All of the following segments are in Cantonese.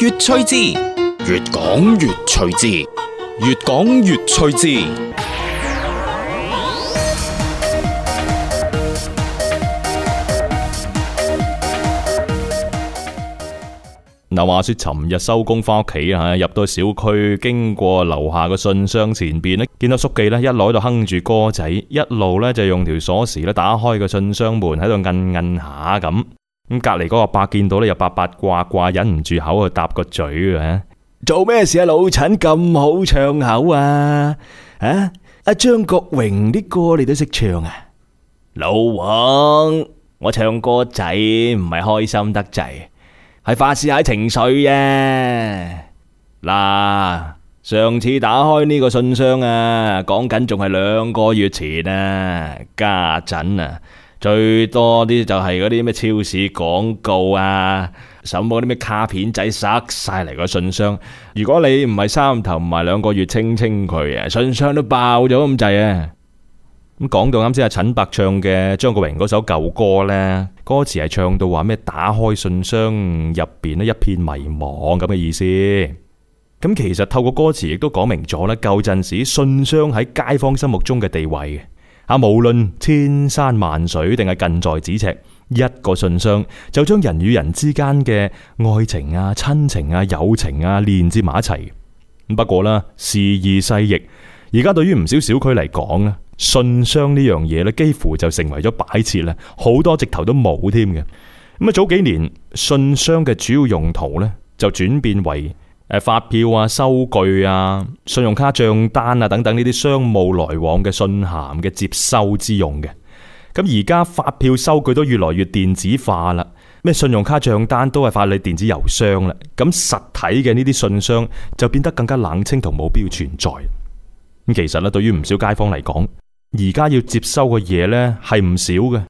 越趣之，越講越趣之。越講越趣之。嗱，話說尋日收工翻屋企啊，入到小區，經過樓下個信箱前邊咧，見到叔記咧，一路喺度哼住歌仔，一路咧就用條鎖匙咧打開個信箱門，喺度摁摁下咁。咁隔籬嗰個伯見到呢，又八八卦卦，忍唔住口去搭個嘴啊！做咩事啊？老陳咁好唱口啊！啊！阿張國榮啲歌你都識唱啊？老王，我唱歌仔唔係開心得滯，係發洩下情緒啫，啊。嗱，上次打開呢個信箱啊，講緊仲係兩個月前啊，家陣啊。最多啲就係嗰啲咩超市廣告啊，什麼啲咩卡片仔塞晒嚟個信箱。如果你唔係三頭唔係兩個月清清佢啊，信箱都爆咗咁滯啊！咁講到啱先阿陳伯唱嘅張國榮嗰首舊歌呢，歌詞係唱到話咩打開信箱入邊呢一片迷茫咁嘅意思。咁其實透過歌詞亦都講明咗呢舊陣時信箱喺街坊心目中嘅地位。啊！無論千山萬水，定係近在咫尺，一個信箱就將人與人之間嘅愛情啊、親情啊、友情啊連接埋一齊。不過啦，時移世易，而家對於唔少小區嚟講咧，信箱呢樣嘢咧，幾乎就成為咗擺設啦，好多直頭都冇添嘅。咁啊，早幾年信箱嘅主要用途咧，就轉變為。誒，發票啊、收據啊、信用卡賬單啊等等呢啲商務來往嘅信函嘅接收之用嘅，咁而家發票、收據都越來越電子化啦，咩信用卡賬單都係發嚟電子郵箱啦，咁實體嘅呢啲信箱就變得更加冷清同冇必要存在。咁其實咧，對於唔少街坊嚟講，而家要接收嘅嘢呢係唔少嘅，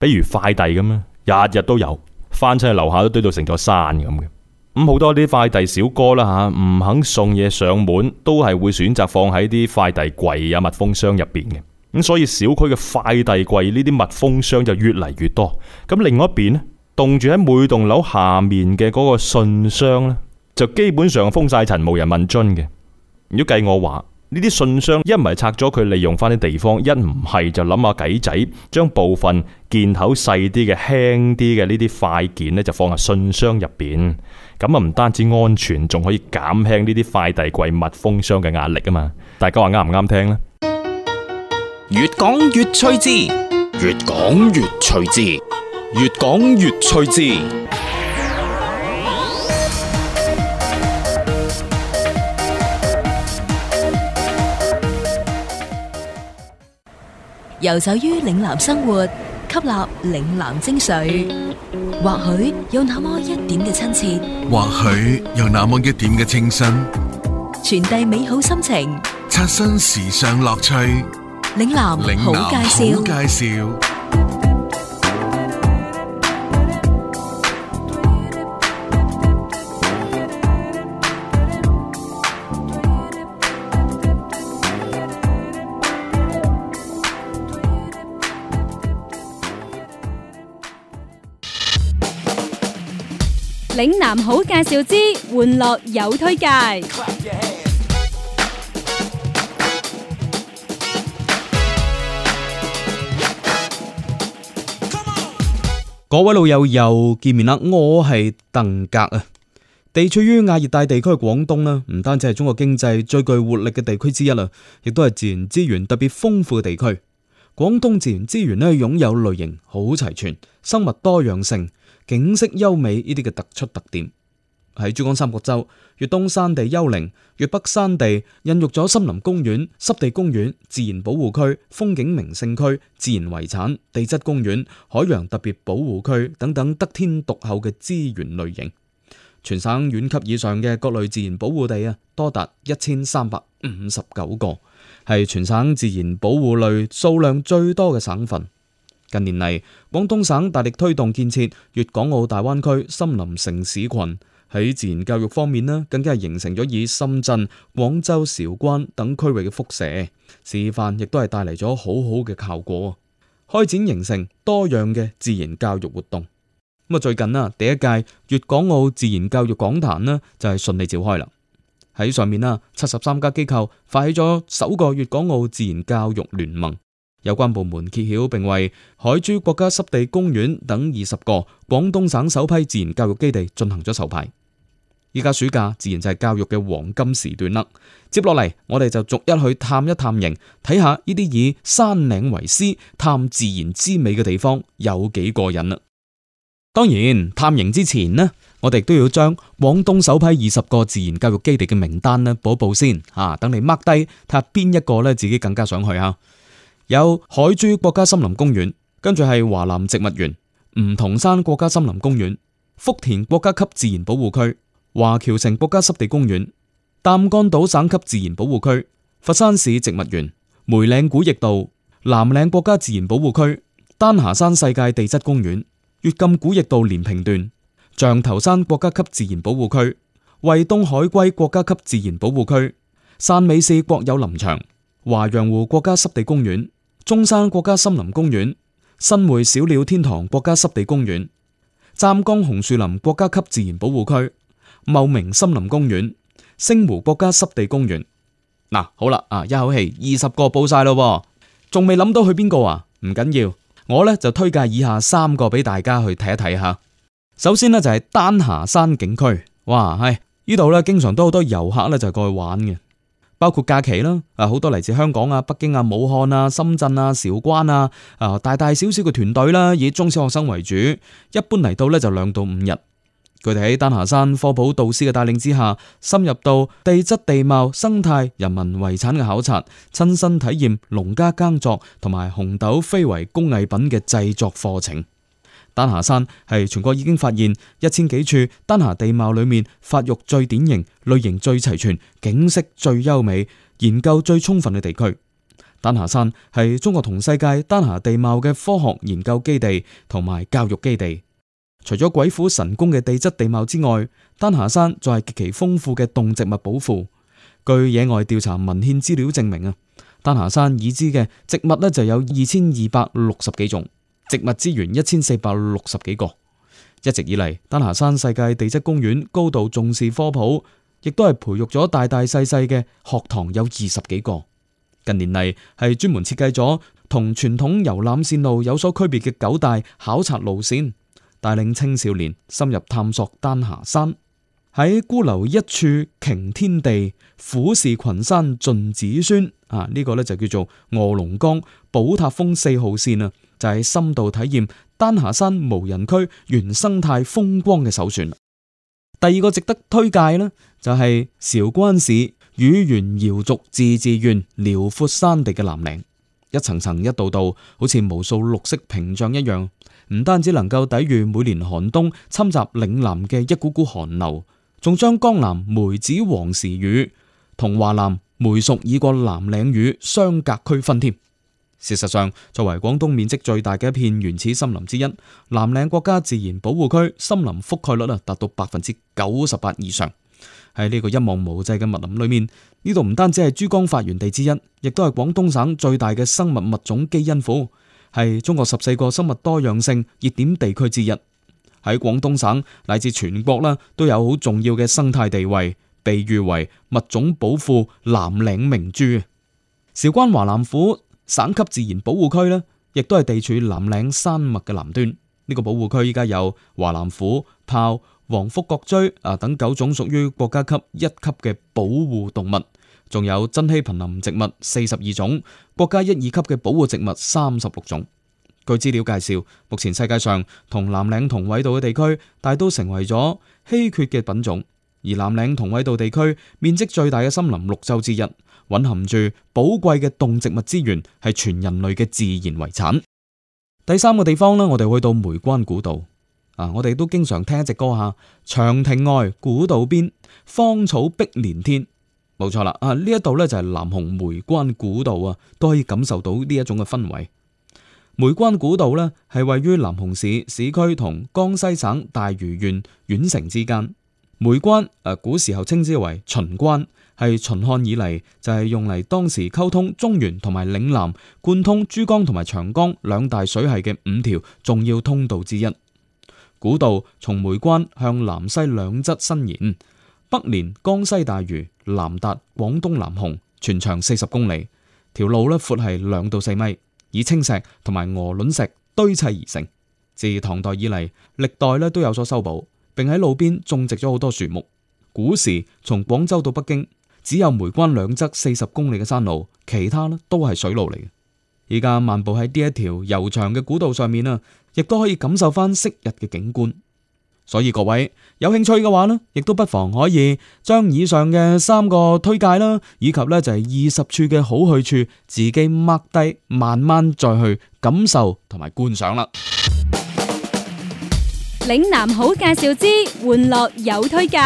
比如快遞咁樣，日日都有，翻出去樓下都堆到成座山咁嘅。咁好多啲快遞小哥啦，吓唔肯送嘢上門，都係會選擇放喺啲快遞櫃啊、密封箱入邊嘅。咁所以小區嘅快遞櫃呢啲密封箱就越嚟越多。咁另外一邊咧，凍住喺每棟樓下面嘅嗰個信箱呢，就基本上封晒塵，無人問津嘅。如果計我話呢啲信箱一唔係拆咗佢利用翻啲地方，一唔係就諗下計仔將部分件口細啲嘅輕啲嘅呢啲快件呢，就放喺信箱入邊。咁啊，唔單止安全，仲可以減輕呢啲快遞櫃密封箱嘅壓力啊嘛！大家話啱唔啱聽呢？越講越趣致，越講越趣致，越講越趣致。游走於嶺南生活。吸納嶺南精髓，或許有那麼一點嘅親切，或許有那麼一點嘅清新，傳遞美好心情，刷新時尚樂趣。嶺南好介紹，嶺南好介紹。嶺南好介紹之，玩樂有推介。各位老友又見面啦，我係鄧格啊。地處於亞熱帶地區嘅廣東咧，唔單止係中國經濟最具活力嘅地區之一啦，亦都係自然資源特別豐富嘅地區。廣東自然資源咧擁有類型好齊全，生物多樣性。景色優美呢啲嘅突出特點，喺珠江三角洲、粵東山地丘陵、粵北山地，孕育咗森林公園、濕地公園、自然保護區、風景名勝區、自然遺產、地質公園、海洋特別保護區等等得天獨厚嘅資源類型。全省縣級以上嘅各類自然保護地啊，多達一千三百五十九個，係全省自然保護類數量最多嘅省份。近年嚟，廣東省大力推動建設粵港澳大灣區森林城市群，喺自然教育方面呢，更加係形成咗以深圳、廣州、韶關等區域嘅輻射示範，亦都係帶嚟咗好好嘅效果。開展形式多樣嘅自然教育活動。咁啊，最近啊，第一屆粵港澳自然教育講壇呢就係順利召開啦。喺上面啦，七十三家機構發起咗首個粵港澳自然教育聯盟。有關部門揭曉，並為海珠國家濕地公園等二十個廣東省首批自然教育基地進行咗授牌。而家暑假自然就係教育嘅黃金時段啦。接落嚟，我哋就逐一去探一探營，睇下呢啲以山嶺為師、探自然之美嘅地方有幾過癮啦。當然，探營之前呢，我哋都要將廣東首批二十個自然教育基地嘅名單呢補一補先吓，啊，等你 mark 低睇下邊一個呢自己更加想去啊！有海珠國家森林公園，跟住係華南植物園、梧桐山國家森林公園、福田國家級自然保護區、華僑城國家濕地公園、擔杆島省級自然保護區、佛山市植物園、梅嶺古驛道、南嶺國家自然保護區、丹霞山世界地質公園、粵贛古驛道連平段、象頭山國家級自然保護區、惠東海龜國家級自然保護區、汕尾市國有林場、華陽湖國家濕地公園。中山國家森林公園、新會小鳥天堂國家濕地公園、湛江紅樹林國家級自然保護區、茂名森林公園、星湖國家濕地公園，嗱、啊、好啦啊，一口氣二十個報晒咯，仲未諗到去邊個啊？唔緊要，我呢就推介以下三個俾大家去睇一睇吓。首先呢，就係、係、丹霞山景區，哇係呢度呢，經常都好多遊客呢，就係、過去玩嘅。包括假期啦，啊，好多嚟自香港啊、北京啊、武漢啊、深圳啊、韶關啊，啊，大大小小嘅團隊啦，以中小學生為主，一般嚟到咧就兩到五日。佢哋喺丹霞山科普導師嘅帶領之下，深入到地質地貌、生態、人民遺產嘅考察，親身體驗農家耕作同埋紅豆非遺工藝品嘅製作課程。丹霞山係全國已經發現一千幾處丹霞地貌裏面發育最典型、類型最齊全、景色最優美、研究最充分嘅地區。丹霞山係中國同世界丹霞地貌嘅科學研究基地同埋教育基地。除咗鬼斧神工嘅地質地貌之外，丹霞山仲係極其豐富嘅動植物寶庫。據野外調查文獻資料證明啊，丹霞山已知嘅植物呢就有二千二百六十幾種。植物資源一千四百六十幾個，一直以嚟丹霞山世界地質公園高度重視科普，亦都係培育咗大大細細嘅學堂有二十幾個。近年嚟係專門設計咗同傳統遊覽線路有所區別嘅九大考察路線，帶領青少年深入探索丹霞山。喺孤樓一柱擎天地，俯視群山盡子孫。啊，呢個呢就叫做卧龍崗寶塔峰四號線啊。就係深度體驗丹霞山無人區原生態風光嘅首選。第二個值得推介呢，就係、是、韶關市乳源瑤族自治縣遼闊山地嘅南嶺，一層層一道道，好似無數綠色屏障一樣，唔單止能夠抵禦每年寒冬侵襲嶺南嘅一股股寒流，仲將江南梅子黃時雨同華南梅屬已過南嶺雨相隔區分添。事實上，作為廣東面積最大嘅一片原始森林之一，南嶺國家自然保護區森林覆蓋率啊，達到百分之九十八以上。喺呢個一望無際嘅密林裏面，呢度唔單止係珠江發源地之一，亦都係廣東省最大嘅生物物種基因庫，係中國十四個生物多樣性熱點地區之一。喺廣東省乃至全國啦，都有好重要嘅生態地位，被譽為物種寶庫——南嶺明珠。韶關華南虎。省級自然保護區呢，亦都係地處南嶺山脈嘅南端。呢、這個保護區依家有華南虎、豹、黃腹角雉啊等九種屬於國家級一級嘅保護動物，仲有珍稀瀕林植物四十二種，國家一二級嘅保護植物三十六種。據資料介紹，目前世界上同南嶺同緯度嘅地區，大都成為咗稀缺嘅品種，而南嶺同緯度地區面積最大嘅森林綠洲之一。蘊含住寶貴嘅動植物資源，係全人類嘅自然遺產。第三個地方呢，我哋去到梅關古道。啊，我哋都經常聽一隻歌吓，長亭外，古道邊，芳草碧連天。冇錯啦，啊呢一度呢，就係南雄梅關古道啊，都可以感受到呢一種嘅氛圍。梅關古道呢，係位於南雄市市區同江西省大余縣縣城之間。梅關誒、啊，古時候稱之為秦關。係秦漢以嚟，就係、是、用嚟當時溝通中原同埋嶺南，貫通珠江同埋長江兩大水系嘅五條重要通道之一。古道從梅關向南西兩側伸延，北連江西大余，南達廣東南雄，全長四十公里。條路呢闊係兩到四米，以青石同埋鵝卵石堆砌而成。自唐代以嚟，歷代咧都有所修補，並喺路邊種植咗好多樹木。古時從廣州到北京。只有梅關兩側四十公里嘅山路，其他呢都係水路嚟嘅。而家漫步喺呢一條悠長嘅古道上面啊，亦都可以感受翻昔日嘅景觀。所以各位有興趣嘅話呢，亦都不妨可以將以上嘅三個推介啦，以及呢就係二十處嘅好去處，自己 mark 低，慢慢再去感受同埋觀賞啦。嶺南好介紹之，玩樂有推介。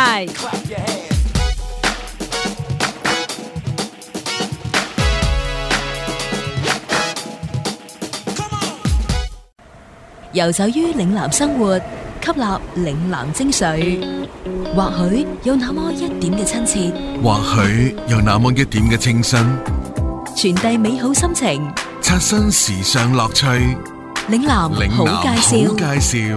遊走於嶺南生活，吸納嶺南精髓，或許有那麼一點嘅親切，或許有那麼一點嘅清新，傳遞美好心情，刷新時尚樂趣。嶺南好介紹。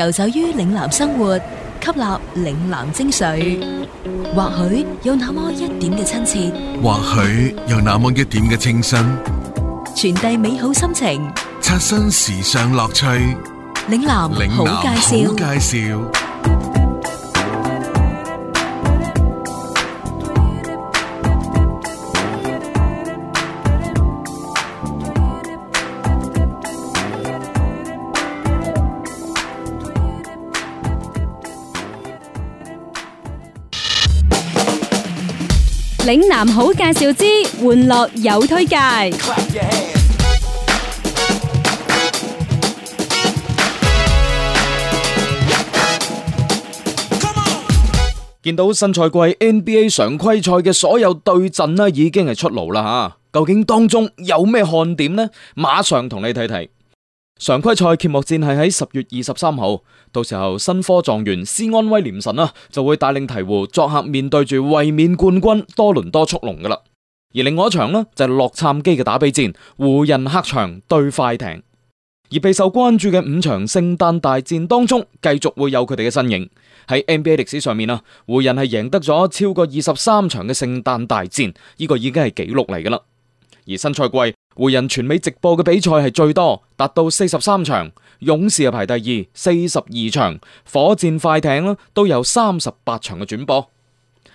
遊走於嶺南生活，吸納嶺南精髓，或許有那麼一點嘅親切，或許有那麼一點嘅清新，傳遞美好心情，刷新時尚樂趣。嶺南好介紹，嶺南好介紹。嶺南好介紹之，玩樂有推介。見到新賽季 NBA 常規賽嘅所有對陣呢，已經係出爐啦吓。究竟當中有咩看點呢？馬上同你睇睇。常規賽揭幕戰係喺十月二十三號，到時候新科狀元斯安威廉神啦、啊，就會帶領鵜鶘作客面對住衛冕冠軍多倫多速龍噶啦。而另外一場呢就係、是、洛杉磯嘅打比戰，湖人客場對快艇。而備受關注嘅五場聖誕大戰當中，繼續會有佢哋嘅身影喺，NBA 歷史上面啊，湖人係贏得咗超過二十三場嘅聖誕大戰，呢、這個已經係紀錄嚟噶啦。而新賽季湖人全美直播嘅比賽係最多，達到四十三場；勇士啊排第二，四十二場；火箭快艇啦都有三十八場嘅轉播。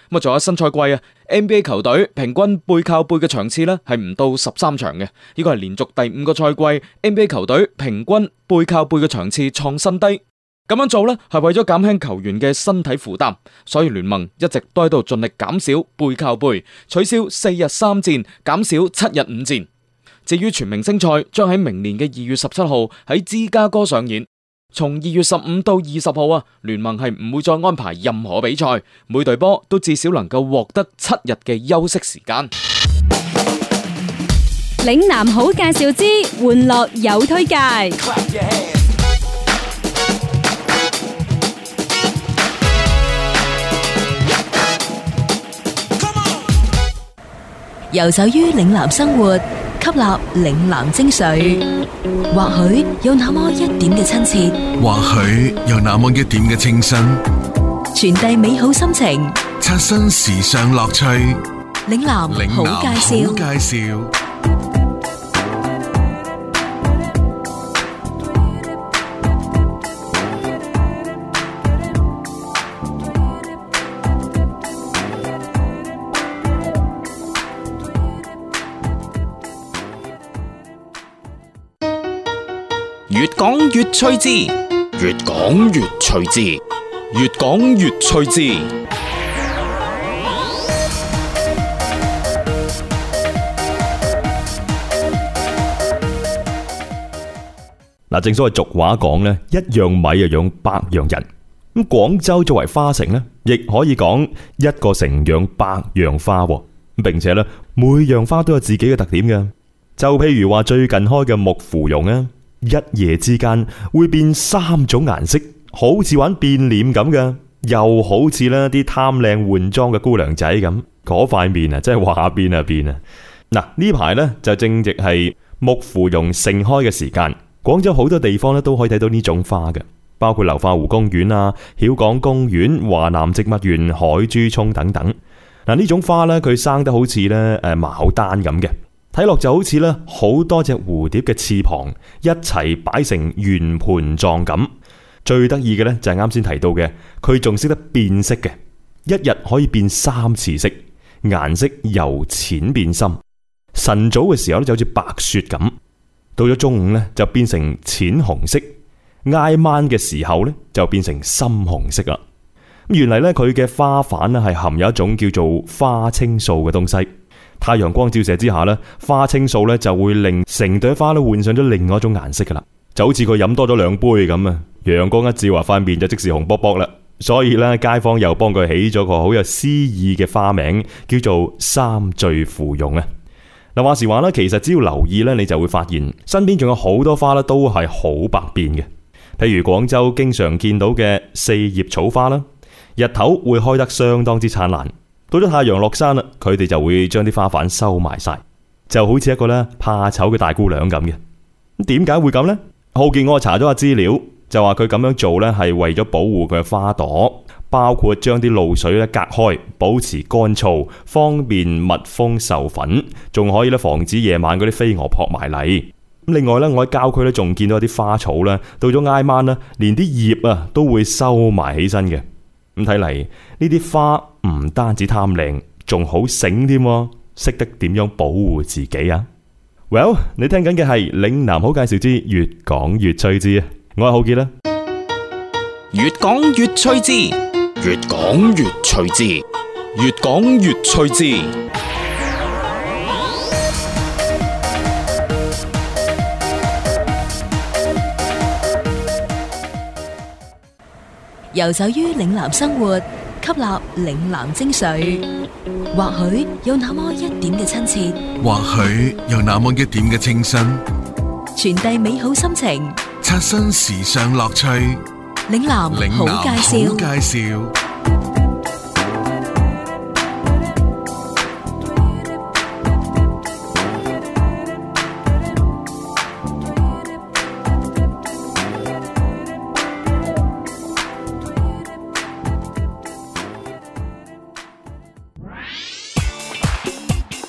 咁啊，仲有新賽季啊，NBA 球隊平均背靠背嘅場次呢係唔到十三場嘅，呢個係連續第五個賽季 NBA 球隊平均背靠背嘅場次創新低。咁樣做呢，係為咗減輕球員嘅身體負擔，所以聯盟一直都喺度盡力減少背靠背，取消四日三戰，減少七日五戰。至於全明星賽，將喺明年嘅二月十七號喺芝加哥上演。從二月十五到二十號啊，聯盟係唔會再安排任何比賽，每隊波都至少能夠獲得七日嘅休息時間。嶺南好介紹之，玩樂有推介。遊走於嶺南生活，吸納嶺南精髓，或許有那麼一點嘅親切，或許有那麼一點嘅清新，傳遞美好心情，刷新時尚樂趣。嶺南好介紹。越講越趣致，越講越趣致，越講越趣致。嗱，正所謂俗話講咧，一樣米就養百樣人。咁廣州作為花城咧，亦可以講一個城養百樣花，並且咧每樣花都有自己嘅特點嘅。就譬如話最近開嘅木芙蓉啊。一夜之間會變三種顏色，好似玩變臉咁嘅，又好似呢啲貪靚換裝嘅姑娘仔咁，嗰塊面啊，真係話變啊變啊！嗱，呢排呢，就正值係木芙蓉盛開嘅時間，廣州好多地方咧都可以睇到呢種花嘅，包括流花湖公園啊、曉港公園、華南植物園、海珠涌等等。嗱，呢種花呢，佢生得好似呢誒牡丹咁嘅。睇落就好似咧好多隻蝴蝶嘅翅膀一齊擺成圓盤狀咁，最得意嘅呢，就係啱先提到嘅，佢仲識得變色嘅，一日可以變三次色，顏色由淺變深。晨早嘅時候咧就好似白雪咁，到咗中午呢，就變成淺紅色，挨晚嘅時候呢，就變成深紅色啦。 原嚟呢，佢嘅花瓣咧係含有一種叫做花青素嘅東西。太陽光照射之下咧，花青素咧就會令成朵花都換上咗另外一種顏色噶啦，就好似佢飲多咗兩杯咁啊！陽光一照，話塊面就即時紅卜卜啦。所以呢，街坊又幫佢起咗個好有詩意嘅花名，叫做三醉芙蓉啊！嗱，話時話啦，其實只要留意呢，你就會發現身邊仲有好多花咧都係好百變嘅，譬如廣州經常見到嘅四葉草花啦，日頭會開得相當之燦爛。到咗太陽落山啦，佢哋就會將啲花瓣收埋晒，就好似一個咧怕醜嘅大姑娘咁嘅。咁點解會咁咧？好奇我查咗下資料，就話佢咁樣做咧係為咗保護佢嘅花朵，包括將啲露水咧隔開，保持乾燥，方便蜜蜂授粉，仲可以咧防止夜晚嗰啲飛蛾撲埋嚟。咁另外咧，我喺郊區咧仲見到一啲花草咧，到咗挨晚咧，連啲葉啊都會收埋起身嘅。咁睇嚟。呢啲花唔單止貪靚，仲好醒添，識得點樣保護自己啊！Well，你聽緊嘅係嶺南好介紹之越講越趣之，我係浩杰啦。越講越趣之，越講越趣之，越講越趣之遊走於嶺南生活。吸納嶺南精髓，或許有那麼一點嘅親切，或許有那麼一點嘅清新，傳遞美好心情，刷新時尚樂趣。嶺南好介紹，好介紹。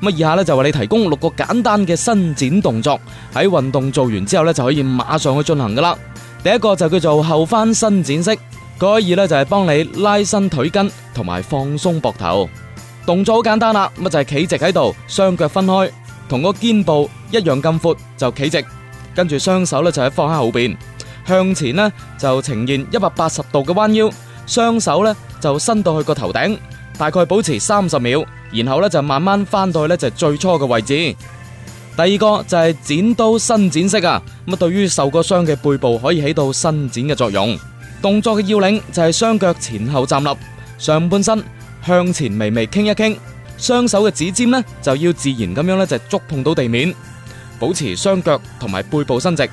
咁以下咧就為你提供六個簡單嘅伸展動作，喺運動做完之後咧就可以馬上去進行噶啦。第一個就叫做後翻伸展式，佢可以咧就係幫你拉伸腿根同埋放鬆膊頭。動作好簡單啦，乜就係、是、企直喺度，雙腳分開同個肩部一樣咁闊就企直，跟住雙手咧就係放喺後邊，向前咧就呈現一百八十度嘅彎腰，雙手咧就伸到去個頭頂。大概保持三十秒，然後咧就慢慢翻到去咧就最初嘅位置。第二個就係剪刀伸展式啊，咁啊對於受過傷嘅背部可以起到伸展嘅作用。動作嘅要領就係雙腳前後站立，上半身向前微微傾一傾，雙手嘅指尖呢就要自然咁樣咧就觸碰到地面，保持雙腳同埋背部伸直，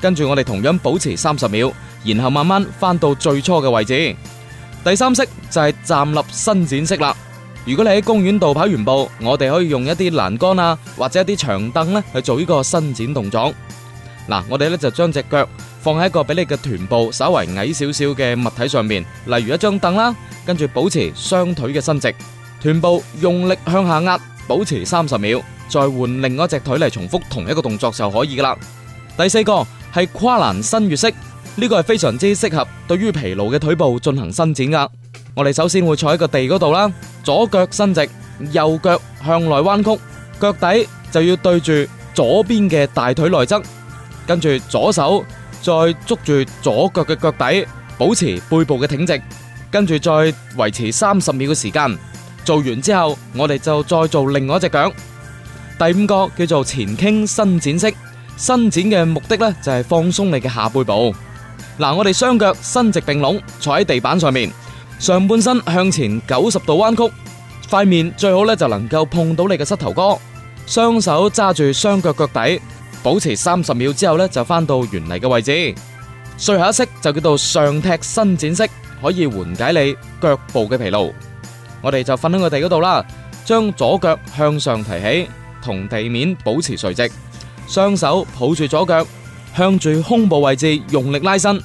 跟住我哋同樣保持三十秒，然後慢慢翻到最初嘅位置。第三式就係站立伸展式啦。如果你喺公園度跑完步，我哋可以用一啲欄杆啊，或者一啲長凳呢去做呢個伸展動作。嗱、啊，我哋呢就將隻腳放喺一個比你嘅臀部稍為矮少少嘅物體上面，例如一張凳啦，跟住保持雙腿嘅伸直，臀部用力向下壓，保持三十秒，再換另外隻腿嚟重複同一個動作就可以噶啦。第四個係跨欄伸越式。呢個係非常之適合對於疲勞嘅腿部進行伸展噶。我哋首先會坐喺個地嗰度啦，左腳伸直，右腳向內彎曲，腳底就要對住左邊嘅大腿內側。跟住左手再捉住左腳嘅腳底，保持背部嘅挺直，跟住再維持三十秒嘅時間。做完之後，我哋就再做另外一隻腳。第五個叫做前傾伸展式，伸展嘅目的呢就係放鬆你嘅下背部。嗱，我哋雙腳伸直併攏坐喺地板上面，上半身向前九十度彎曲，塊面最好咧就能夠碰到你嘅膝頭哥，雙手揸住雙腳腳底，保持三十秒之後咧就翻到原嚟嘅位置。最後一式就叫做上踢伸展式，可以緩解你腳部嘅疲勞。我哋就瞓喺個地嗰度啦，將左腳向上提起，同地面保持垂直，雙手抱住左腳。向住胸部位置用力拉伸，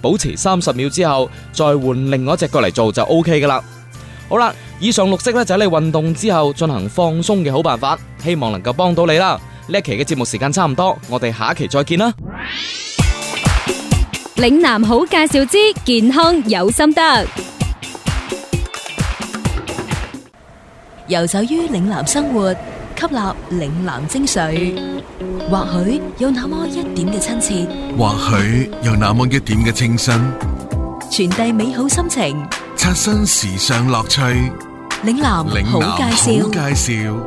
保持三十秒之後，再換另外一隻腳嚟做就 O K 噶啦。好啦，以上六式咧就係你運動之後進行放鬆嘅好辦法，希望能夠幫到你啦。呢一期嘅節目時間差唔多，我哋下期再見啦！嶺南好介紹之健康有心得，游走於嶺南生活。吸納嶺南精髓，或許有那麼一點嘅親切，或許有那麼一點嘅清新，傳遞美好心情，刷新時尚樂趣。嶺南好介紹。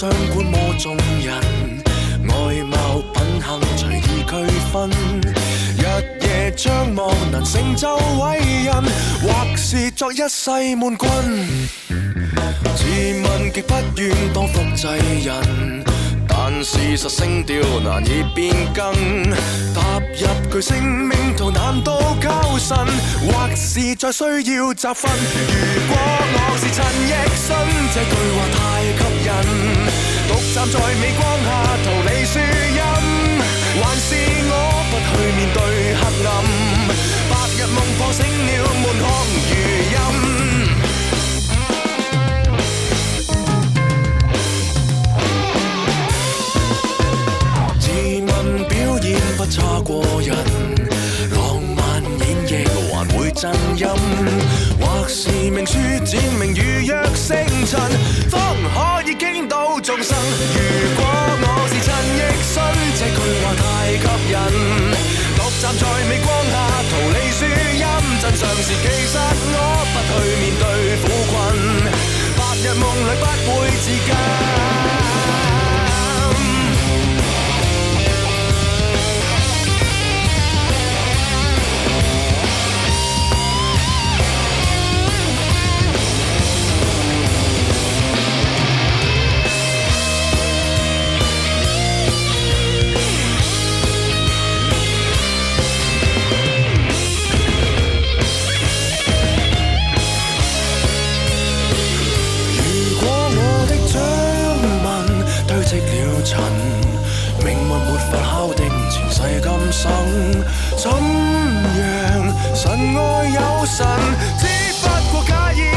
相觀摩眾人，外貌品行隨意區分，日夜張望能成就偉人，或是作一世悶棍，自問極不願當複製人。事實聲調難以變更，踏入句性命途難度交神，或是再需要集訓。如果我是陳奕迅，這句話太吸引。獨站在鎂光下，逃離樹蔭，還是我不去面對黑暗。白日夢破醒了門殼。表演不差過人，浪漫演繹還會震音，或是名書展明預約勝陣，方可以驚到眾生。如果我是陳奕迅，這句話太吸引，獨站在鎂光下，逃離樹蔭，真相是其實我不去面對苦困，白日夢裏不會自禁。堆積了塵，命運沒法敲定前世今生，怎樣神愛有神，只不過假意。